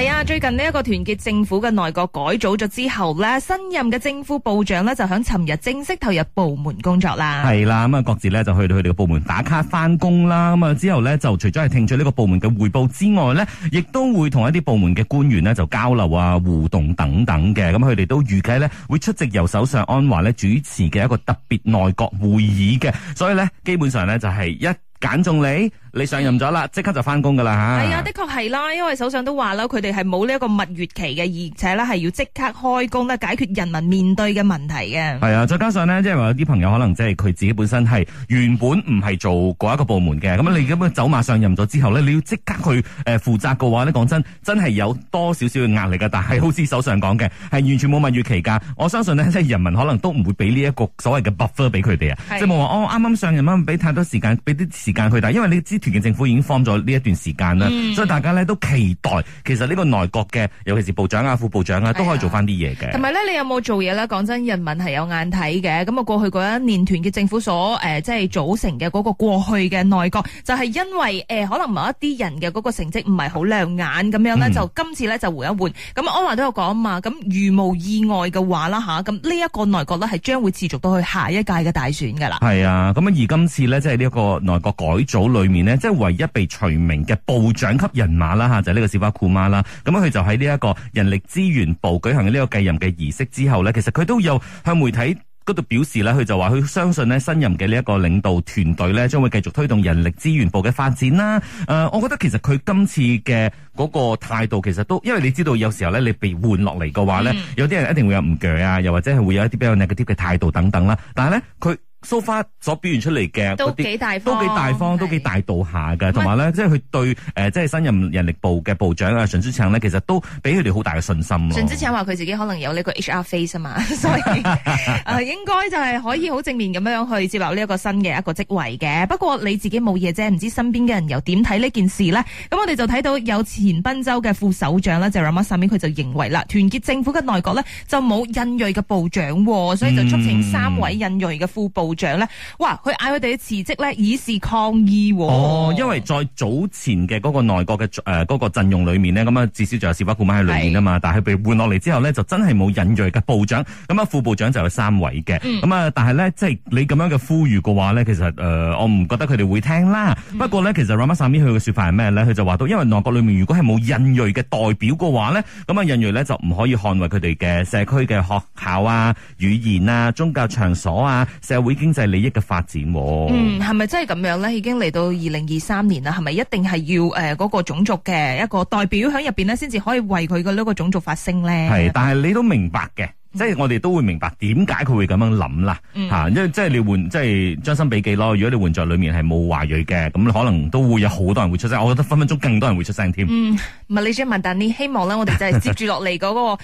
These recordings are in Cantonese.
係啊，最近呢一個團結政府嘅內閣改組咗之後咧，新任嘅政府部長呢就喺尋日正式投入部門工作啦。係啦，咁啊，各自呢就去到佢哋嘅部門打卡翻工啦。咁啊之後呢，就除咗係聽取呢個部門嘅匯報之外呢，亦都會同一啲部門嘅官員呢就交流啊、互動等等嘅。咁佢哋都預計呢會出席由首相安華呢主持嘅一個特別內閣會議嘅。所以呢，基本上呢就係一揀中你。你上任咗啦，即刻就翻工噶啦吓！係啊，的確係啦，因為首相都話啦，佢哋係冇呢一個蜜月期嘅，而且咧係要即刻開工咧，解決人民面對嘅問題嘅。係啊，再加上咧，即係話有啲朋友可能即係佢自己本身係原本唔係做嗰一個部門嘅，咁你咁樣走馬上任咗之後咧，你要即刻去誒負責嘅話咧，講真，真係有多少少嘅壓力噶，但係好似首相講嘅，係完全冇蜜月期噶。我相信咧，即係人民可能都唔會俾呢一個所謂嘅 buffer 俾佢哋啊，即係冇話哦啱啱上任啱，俾太多時間，俾啲時間佢，但係因為你政府已經放咗呢一段時間啦，嗯、所以大家咧都期待。其實呢個內閣嘅，尤其是部長啊、副部長啊，都可以做翻啲嘢嘅。同埋咧，你有冇做嘢咧？講真，人民係有眼睇嘅。咁啊，過去嗰一年，團結政府所誒，即係組成嘅嗰個過去嘅內閣，就係、是、因為誒，可能某一啲人嘅嗰個成績唔係好亮眼咁、嗯、樣呢，就今次咧就換一換。咁安華都有講啊嘛，咁如無意外嘅話啦嚇，咁呢一個內閣呢係將會持續到去下一屆嘅大選㗎啦。係啊、嗯，咁而今次呢，即係呢一個內閣改組裡面。嗯嗯即係唯一被除名嘅部長級人馬啦吓，就係呢個小巴庫馬啦。咁樣佢就喺呢一個人力資源部舉行呢個繼任嘅儀式之後呢，其實佢都有向媒體嗰度表示呢，佢就話佢相信咧，新任嘅呢一個領導團隊咧，將會繼續推動人力資源部嘅發展啦。誒、嗯呃，我覺得其實佢今次嘅嗰個態度，其實都因為你知道有時候呢你被換落嚟嘅話呢、嗯、有啲人一定會有唔鋸啊，又或者係會有一啲比較 negative 嘅態度等等啦。但係呢，佢 So far 所表現出嚟嘅都幾大方，都幾大方，是都幾大度下嘅，同埋咧，麼即係佢對誒，即、呃、係新任人力部嘅部長啊，陳、嗯、志祥咧，其實都俾佢哋好大嘅信心。陳志祥話佢自己可能有呢個 HR face 啊嘛，所以誒、 啊，應該就係可以好正面咁樣去接落呢一個新嘅一個職位嘅。不過你自己冇嘢啫，唔知身邊嘅人又點睇呢件事咧？咁我哋就睇到有前檳州嘅副首長啦，就 Ramasamy，佢就認為啦，團結政府嘅內閣咧就冇印裔嘅部長，所以就促請三位印裔嘅副部長。嗯嗯部長咧，哇，佢嗌佢哋辭職咧，以示抗議哦。哦，因為在早前嘅嗰個內閣嘅誒嗰個陣容裏面呢，咁啊至少就有小巴顧問喺裏面啊嘛。是但係被換落嚟之後呢，就真係冇印裔嘅部長。咁啊副部長就有三位嘅。咁啊、嗯，但係呢，即、就、係、是、你咁樣嘅呼籲嘅話呢，其實誒、呃，我唔覺得佢哋會聽啦。嗯、不過呢，其實 Ramasamy 佢嘅說法係咩呢？佢就話到，因為內閣裏面如果係冇印裔嘅代表嘅話呢，咁啊印裔呢就唔可以捍衛佢哋嘅社區嘅學校啊、語言啊、宗教場所啊、嗯、社會。經濟利益嘅發展，嗯，係咪真係咁樣咧？已經嚟到二零二三年啦，係咪一定係要誒嗰個種族嘅一個代表喺入邊咧，先至可以為佢嘅呢個種族發聲咧？係，但係你都明白嘅。即係我哋都會明白點解佢會咁樣諗啦，嚇、嗯，因為、啊、即係你換即係將心比己咯。如果你換在裏面係冇華裔嘅，咁可能都會有好多人會出聲。我覺得分分鐘更多人會出聲添。嗯，唔係李嘉文，但你希望呢、那個，我哋就係接住落嚟嗰個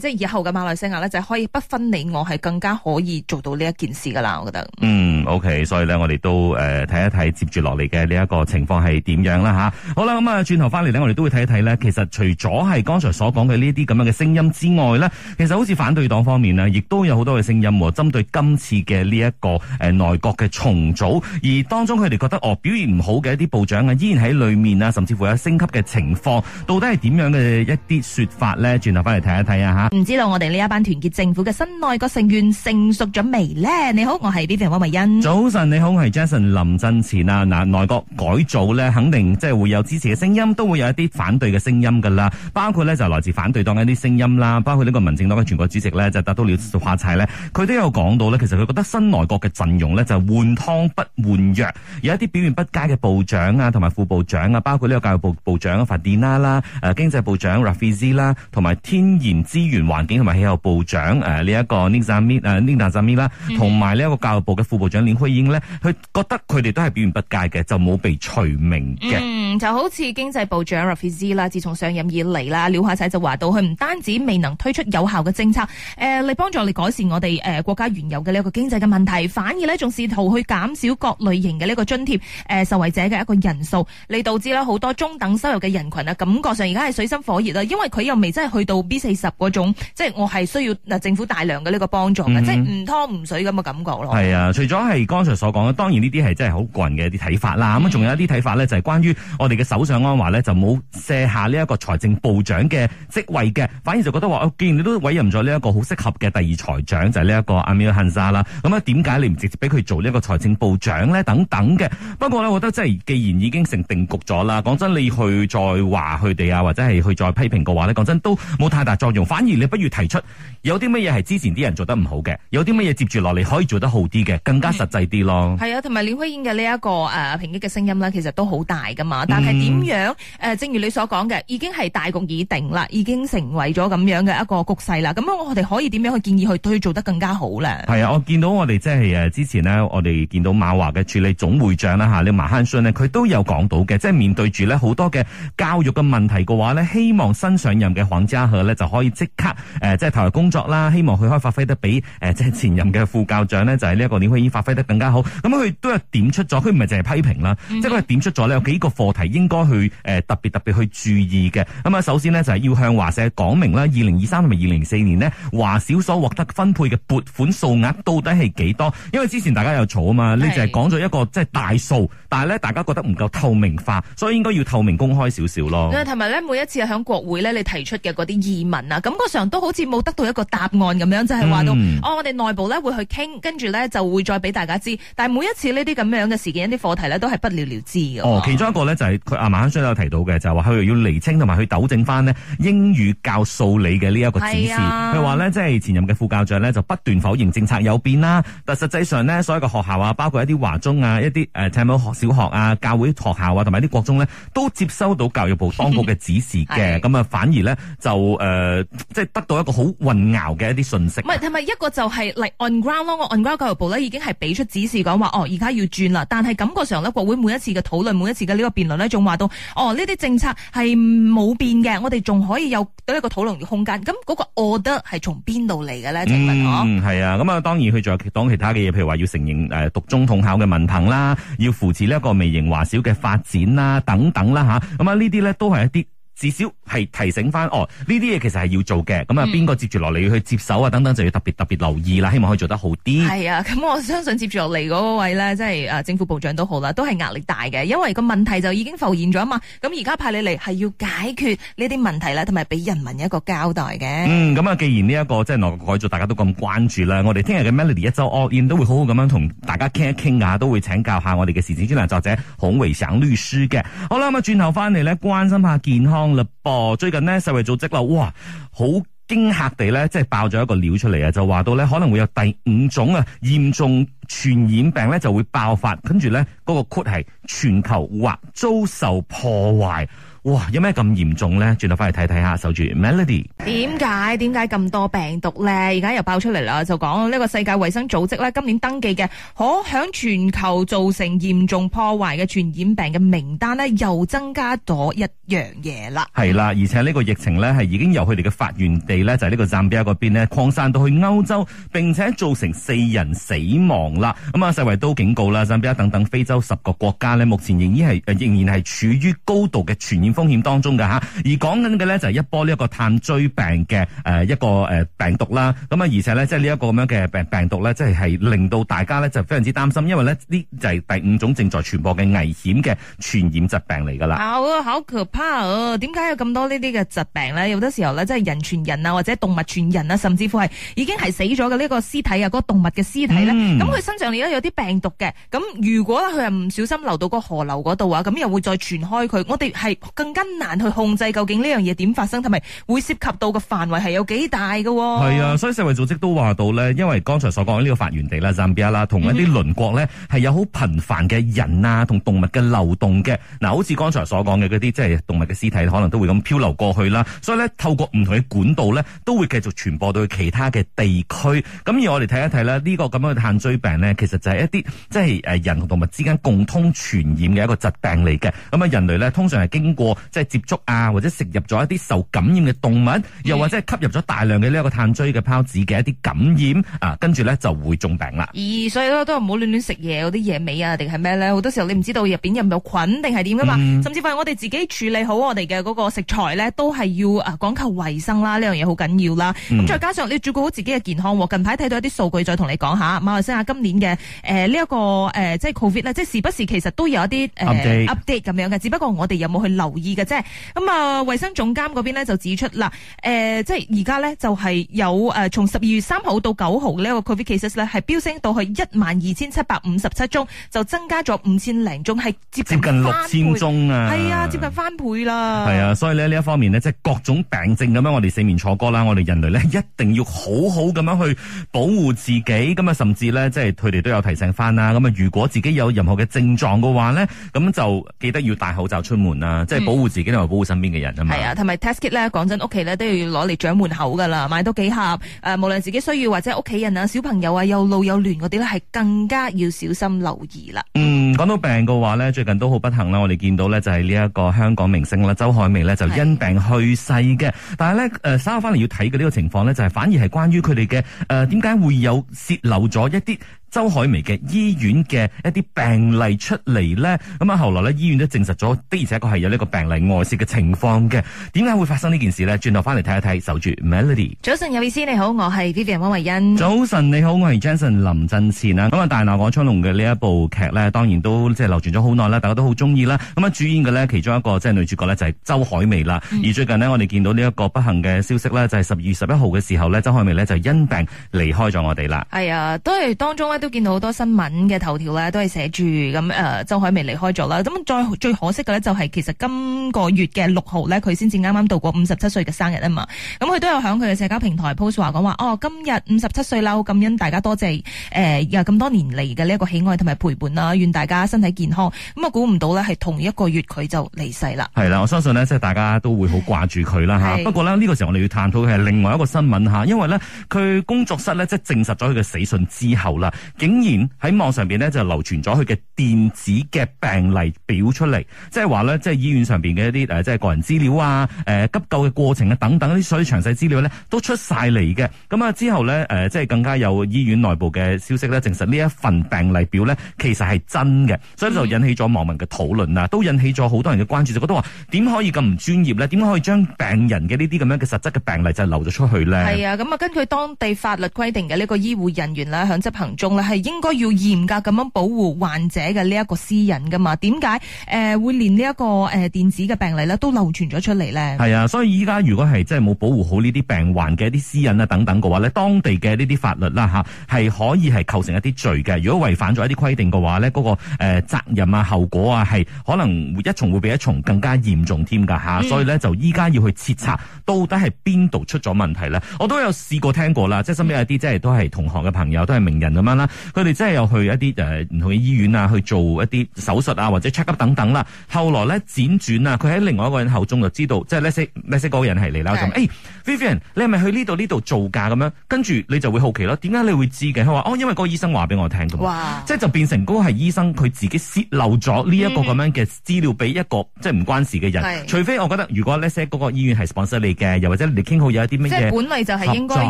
即係以後嘅馬來西亞就係可以不分你我，係更加可以做到呢一件事㗎啦。我覺得。嗯，OK，所以咧，我哋都誒睇一睇接住落嚟嘅呢一個情況係點樣啦，吓、啊，好啦，咁啊轉頭翻嚟呢，我哋都會睇一睇咧。其實除咗係剛才所講嘅呢啲咁樣嘅聲音之外咧，其實好似反對黨方面咧，亦都有好多嘅聲音，針對今次嘅呢一個誒內閣嘅重組，而當中佢哋覺得哦表現唔好嘅一啲部長啊，依然喺裏面啊，甚至乎有升級嘅情況，到底係點樣嘅一啲說法咧？轉頭翻嚟睇一睇啊吓！唔知道我哋呢一班團結政府嘅新內閣成員成熟咗未咧？你好，我係呢邊汪偉欣。早晨，你好，我係 Jason 林振前啊！嗱，內閣改造咧，肯定即係會有支持嘅聲音，都會有一啲反對嘅聲音噶啦，包括咧就來自反對黨嘅一啲聲音啦，包括呢個民政黨嘅全國。主席咧就答到了廖下仔咧，佢都有講到咧，其實佢覺得新內閣嘅陣容咧就換湯不換藥，有一啲表現不佳嘅部長啊，同埋副部長啊，包括呢個教育部部長啊，Fadina 啦，誒經濟部長 Rafizi 啦，同埋天然資源環境同埋氣候部長誒呢一個 Nizami 啦，同埋呢一個教育部嘅副部長林慧英呢，佢覺得佢哋都係表現不佳嘅，就冇被除名嘅。嗯，就好似經濟部長 Rafizi 啦，自從上任以嚟啦，廖下仔就話到佢唔單止未能推出有效嘅政策。誒，嚟幫、呃、助你改善我哋誒、呃、國家原有嘅呢個經濟嘅問題，反而呢仲試圖去減少各類型嘅呢個津貼誒、呃、受惠者嘅一個人數，嚟導致啦好多中等收入嘅人群啊，感覺上而家係水深火熱啦，因為佢又未真係去到 B 四十嗰種，即係我係需要政府大量嘅呢個幫助嘅，嗯、哼即係唔湯唔水咁嘅感覺咯。係啊，除咗係剛才所講嘅，當然呢啲係真係好個人嘅一啲睇法啦。咁仲、嗯、有一啲睇法呢，就係、是、關於我哋嘅首相安華呢，就冇卸下呢一個財政部長嘅職位嘅，反而就覺得話、哦，既然你都委任咗呢。一個好適合嘅第二財長就係呢一個阿米爾汗沙啦，咁啊點解你唔直接俾佢做呢一個財政部長咧？等等嘅，不過咧，我覺得即係既然已經成定局咗啦，講真，你去再話佢哋啊，或者係去再批評嘅話咧，講真都冇太大作用，反而你不如提出有啲乜嘢係之前啲人做得唔好嘅，有啲乜嘢接住落嚟可以做得好啲嘅，更加實際啲咯。係、嗯嗯、啊，同埋廖輝燕嘅呢一個誒抨擊嘅聲音咧，其實都好大噶嘛，但係點樣誒、嗯啊？正如你所講嘅，已經係大局已定啦，已經成為咗咁樣嘅一個局勢啦。咁我哋可以點樣去建議佢去做得更加好咧？係啊，我見到我哋即係誒，之前呢，我哋見到馬華嘅處理總會長啦吓，呢、啊、馬漢順呢，佢都有講到嘅，即、就、係、是、面對住咧好多嘅教育嘅問題嘅話咧，希望新上任嘅黃家和咧就可以即刻誒，即、呃、係、就是、投入工作啦。希望佢可以發揮得比誒，即、呃、係、就是、前任嘅副教長呢，就係呢一個點可以發揮得更加好。咁佢都有點出咗，佢唔係淨係批評啦，mm hmm. 即係佢係點出咗呢有幾個課題應該去誒、呃、特別特別去注意嘅。咁啊，首先呢，就係、是、要向華社講明啦，二零二三同埋二零四年呢。話少所獲得分配嘅撥款數額到底係幾多？因為之前大家有吵啊嘛，呢就係講咗一個即係大數，但係咧大家覺得唔夠透明化，所以應該要透明公開少少咯。同埋咧，每一次喺國會咧，你提出嘅嗰啲疑問啊，感覺上都好似冇得到一個答案咁樣，就係、是、話到、嗯、哦，我哋內部咧會去傾，跟住咧就會再俾大家知。但係每一次呢啲咁樣嘅事件，一啲課題咧都係不了了之嘅。哦，其中一個咧就係阿麥生都有提到嘅，就係話佢要厘清同埋去糾正翻呢英語教數理嘅呢一個指示。話咧，即係前任嘅副教長咧，就不斷否認政策有變啦。但係實際上呢，所有嘅學校啊，包括一啲華中啊，一啲誒，淡米爾小學啊，教會學校啊，同埋啲國中咧，都接收到教育部當局嘅指示嘅。咁啊 是，反而咧就誒，即係得到一個好混淆嘅一啲信息。唔係，係咪一個就係、是、嚟、like、on ground 咯？我 on ground 教育部咧已經係俾出指示講話，哦，而家要轉啦。但係感覺上咧，國會每一次嘅討論，每一次嘅呢個辯論咧，仲話到，哦，呢啲政策係冇變嘅，我哋仲可以有到一個討論嘅空間。咁、那、嗰、個、order。係從邊度嚟嘅咧？請問我係、嗯、啊，咁、嗯、啊，當然佢仲有講其他嘅嘢，譬如話要承認誒、呃、獨中統考嘅文憑啦，要扶持呢一個微型華小嘅發展啦，等等啦吓，咁啊呢啲咧都係一啲。至少係提醒翻哦，呢啲嘢其實係要做嘅，咁啊邊個接住落嚟要去接手啊等等，就要特別特別留意啦。希望可以做得好啲。係啊，咁我相信接住落嚟嗰位咧，即係啊政府部長都好啦，都係壓力大嘅，因為個問題就已經浮現咗啊嘛。咁而家派你嚟係要解決呢啲問題啦，同埋俾人民一個交代嘅。嗯，咁啊，既然呢、這、一個即係內閣改造，大家都咁關注啦，我哋聽日嘅 Melody 一周 All In 都會好好咁樣同大家傾一傾啊，都會請教下我哋嘅時事專欄作者孔維省律師嘅。好啦，咁啊轉頭翻嚟咧，關心下健康。啦噃，最近咧世衛組織啦，哇，好驚嚇地咧，即係爆咗一個料出嚟啊，就話到咧可能會有第五種啊嚴重傳染病咧就會爆發，跟住咧嗰個括係全球或遭受破壞。哇！有咩咁嚴重咧？轉頭翻嚟，睇睇下，守住 Melody。點解點解咁多病毒咧？而家又爆出嚟，啦！就講呢個世界衛生組織咧，今年登記嘅可響全球造成嚴重破壞嘅傳染病嘅名單呢，又增加咗一樣嘢啦。係啦，而且呢個疫情呢，係已經由佢哋嘅發源地呢，就係呢個贊比亞嗰邊呢，擴散到去歐洲，並且造成四人死亡啦。咁、嗯、啊，世衛都警告啦，贊比亞等等非洲十個國家呢，目前仍然係仍然係處於高度嘅傳染風險當中嘅嚇，而講緊嘅咧就係一波呢一個炭疽病嘅誒一個誒病毒啦，咁啊，而且咧即係呢一個咁樣嘅病病毒咧，即係係令到大家咧就非常之擔心，因為咧呢就係第五種正在傳播嘅危險嘅傳染疾病嚟㗎啦。好啊，好可怕啊！點解有咁多呢啲嘅疾病咧？有多時候咧，即係人傳人啊，或者動物傳人啊，甚至乎係已經係死咗嘅呢個屍體啊，嗰、嗰個動物嘅屍體咧，咁佢、嗯、身上都有啲病毒嘅，咁如果佢係唔小心流到個河流嗰度啊，咁又會再傳開佢。我哋係。更加難去控制究竟呢樣嘢點發生，同埋會涉及到嘅範圍係有幾大嘅。係啊，所以世衛組織都話到咧，因為剛才所講呢、這個發源地啦，Zambia 啦，同一啲鄰國咧係有好頻繁嘅人啊同動物嘅流動嘅。嗱，好似剛才所講嘅嗰啲，即係、就是、動物嘅屍體可能都會咁漂流過去啦。所以咧，透過唔同嘅管道咧，都會繼續傳播到去其他嘅地區。咁而我哋睇一睇咧，呢、這個咁樣嘅炭疽病咧，其實就係一啲即係誒人同動物之間共通傳染嘅一個疾病嚟嘅。咁啊，人類咧通常係經過。即係接觸啊，或者食入咗一啲受感染嘅動物，又或者係吸入咗大量嘅呢一個炭疽嘅孢子嘅一啲感染啊，跟住咧就會中病啦。咦、嗯，所以都都唔好亂亂食嘢，嗰啲野味啊，定係咩咧？好多時候你唔知道入邊有冇菌定係點噶嘛。嗯、甚至乎我哋自己處理好我哋嘅嗰個食材咧，都係要啊講求衛生啦，呢樣嘢好緊要啦。咁、啊嗯、再加上你照顧好自己嘅健康。近排睇到一啲數據，再同你講下馬來西亞今年嘅誒呢一個誒即係 COVID 咧，即係時不時其實都有一啲、呃、update update 咁樣嘅。只不過我哋有冇去留意意嘅啫，咁啊，衛生總監嗰邊咧就指出啦，誒，即係而家咧就係有誒，從十二月三號到九號呢一個 covid cases 咧係飆升到去一萬二千七百五十七宗，就增加咗五千零宗，係接近六千宗啊，係啊，接近翻倍啦，係啊，所以呢，呢一方面呢，即係各種病症咁樣，我哋四面楚歌啦，我哋人類呢，一定要好好咁樣去保護自己，咁啊，甚至呢，即係佢哋都有提醒翻啦，咁啊，如果自己有任何嘅症狀嘅話呢，咁就記得要戴口罩出門啊，即係、嗯。保護自己同埋保護身邊嘅人啊嘛，係啊，同埋 test kit 咧，講真屋企咧都要攞嚟掌門口噶啦，買多幾盒誒、呃，無論自己需要或者屋企人啊、小朋友啊，又老又亂嗰啲咧，係更加要小心留意啦。嗯，講到病嘅話咧，最近都好不幸啦，我哋見到咧就係呢一個香港明星啦，周海媚咧就因病去世嘅。是但係咧誒，稍後翻嚟要睇嘅呢個情況咧，就係、是、反而係關於佢哋嘅誒，點、呃、解會有泄漏咗一啲？周海媚嘅醫院嘅一啲病例出嚟，咧，咁啊後來咧醫院都證實咗，的而且確係有呢個病例外洩嘅情況嘅。點解會發生呢件事咧？轉頭翻嚟睇一睇，守住 Melody。早晨，有意思，你好，我係 Vivian 汪慧欣。早晨，你好，我係 Jenson 林振賢啦。咁啊，大鬧廣昌隆嘅呢一部劇咧，當然都即係流傳咗好耐啦，大家都好中意啦。咁啊，主演嘅咧其中一個即係女主角咧就係、是、周海媚啦。 而最近呢，我哋見到呢一個不幸嘅消息咧，就係十二月十一號嘅時候咧，周海媚咧就因病離開咗我哋啦。係啊、哎，都係當中都見到好多新聞嘅頭條咧，都係寫住咁誒，周海媚離開咗啦。咁再最可惜嘅咧，就係其實今個月嘅六號咧，佢先至啱啱度過五十七歲嘅生日啊嘛。咁佢都有喺佢嘅社交平台 post 話講話，哦，今日五十七歲啦，我感恩大家多謝誒、呃，有咁多年嚟嘅呢一個喜愛同埋陪伴啦，願大家身體健康。咁啊，估唔到咧，係同一個月佢就離世啦。係啦，我相信呢，即係大家都會好掛住佢啦嚇。的不過呢，呢個時候我哋要探討嘅係另外一個新聞嚇，因為呢，佢工作室呢，即係證實咗佢嘅死訊之後啦。竟然喺網上邊咧就流傳咗佢嘅電子嘅病例表，出嚟，即係話咧，即係醫院上邊嘅一啲誒、呃，即係個人資料啊，誒、呃，急救嘅過程啊，等等啲所有詳細資料咧都出晒嚟嘅。咁啊之後咧誒、呃，即係更加有醫院內部嘅消息咧證實呢一份病例表咧其實係真嘅，所以就引起咗網民嘅討論啊，都引起咗好多人嘅關注，就覺得話，點可以咁唔專業咧？點可以將病人嘅呢啲咁樣嘅實質嘅病例就係流咗出去咧？係啊，咁啊根據當地法律規定嘅呢個醫護人員啦，響執行中咧，係應該要嚴格咁樣保護患者嘅呢一個私隱噶嘛？點解誒會連呢一個誒電子嘅病例咧都流傳咗出嚟咧？係啊，所以依家如果係真係冇保護好呢啲病患嘅一啲私隱啊等等嘅話咧，當地嘅呢啲法律啦吓，係可以係構成一啲罪嘅。如果違反咗一啲規定嘅話咧，嗰、嗰個誒責任啊後果啊係可能一重會比一重更加嚴重添噶吓。嗯、所以咧就依家要去徹查到底係邊度出咗問題咧。我都有試過聽過啦，即係身邊有啲即係都係同學嘅朋友，都係名人咁樣啦。佢哋真係有去一啲誒唔同嘅醫院啊，去做一啲手術啊，或者 checkup 等等啦。後來咧輾轉啊，佢喺另外一個人口中就知道，的即係咧呢呢個個人係嚟啦咁誒。Vivian，你係咪去呢度呢度做假咁樣？跟住你就會好奇咯，點解你會知嘅？佢話哦，因為嗰個醫生話俾我聽嘅，哇即係就變成嗰個係醫生佢自己泄露咗呢一個咁樣嘅資料俾一個即係唔關事嘅人。是除非我覺得如果那些嗰個醫院係 sponsor 你嘅，又或者你哋傾好有一啲咩嘢即係本嚟就係應該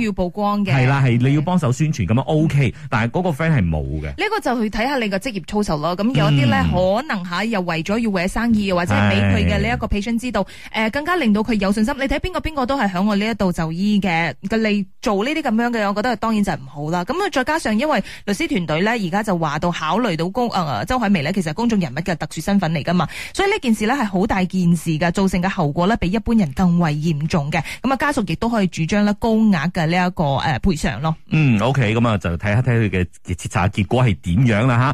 要曝光嘅。係作啦，係你要幫手宣傳咁是樣 OK，但係嗰個 friend 係冇嘅。呢個就去睇下你個職業操守咯。咁有啲咧、嗯、可能嚇、啊、又為咗要搲生意，或者係俾佢嘅呢一個 patient 知道，誒是、呃、更加令到佢有信心。你睇邊個邊個都係響我。呢一度就醫嘅，嘅你做呢啲咁樣嘅，我覺得當然就係唔好啦。咁啊，再加上因為律師團隊咧，而家就話到考慮到公，誒、呃，周海媚咧，其實公眾人物嘅特殊身份嚟噶嘛，所以呢件事咧係好大件事噶，造成嘅後果咧比一般人更為嚴重嘅。咁啊，家屬亦都可以主張咧高額嘅呢一個誒賠償咯。嗯，OK，咁啊就睇下睇佢嘅徹查結果係點樣啦吓。